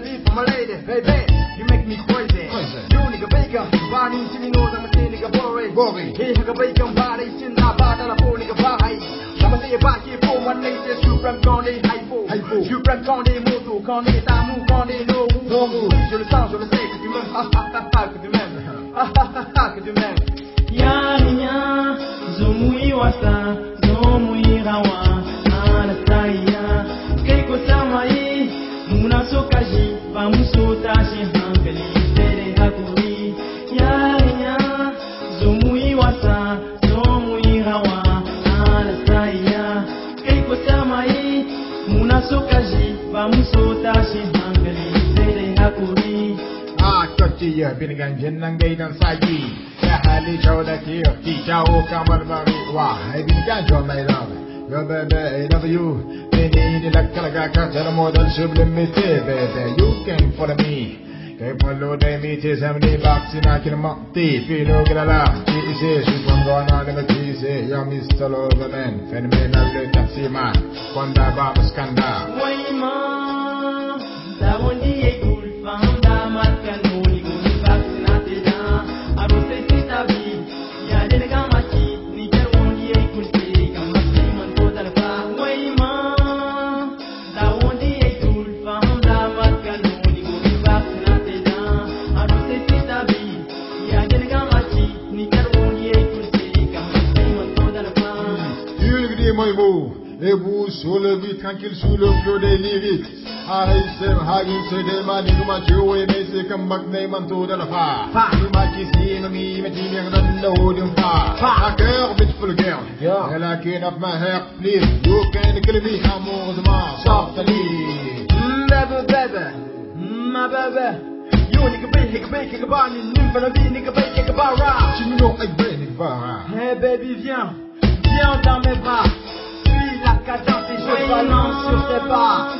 wanna be for my lady, baby. You make me crazy. You nigga bacon, body silly knows I'm a silly nigga boring. Boring. Hey, nigga bacon, body silly na bada na poor nigga bye. I'm a say back here for one lady, you from County Hypo. Hypo. You from County Moto, County Tamu, County No. No. Je le sens, je le sais, que tu m'aimes. Ah ah ah ah, que tu m'aimes. Ah ah ah ah, que tu m'aimes. Ya niña, zo muy wasa, zo muy rawa. ba tashi hankali sai dai hakuri yarinya zo wasa zo mu hawa ala tashi hankali sai dai a jinnan gaidan saki ya hali kyau da ke kyawo kamar barewa haibin gajo mai يا baby, I love you بيني لك لقاك ترى مودل شبل متي baby You can follow me كيف ولو دايمي تسمني باكسي معك المقطي في لوك لا لا تيسي شوف غانا لما تيسي يا مستر لوغمان فنمينا لو تقسيما كوندا بابا سكاندا ويما داوني Et vous sur le vide, tranquille sous le flot des lyriques. Harrison, Harrison, Dema, Nikuma, Joe, et Messi, comme McNayman, tout de la fa. Nima, Kissi, Nomi, Medimir, Nanda, Odin, Fa. Fa, cœur, bit vulgaire. Yeah. And I can't have my hair, please. You can kill me, amoureusement, softly. Never better, my baby. عيونك بيك بيك كبارني النمفة نبيني كبيك كبارا شنو عيبينك بارا هي بيبي فيان Valence sur tes pas.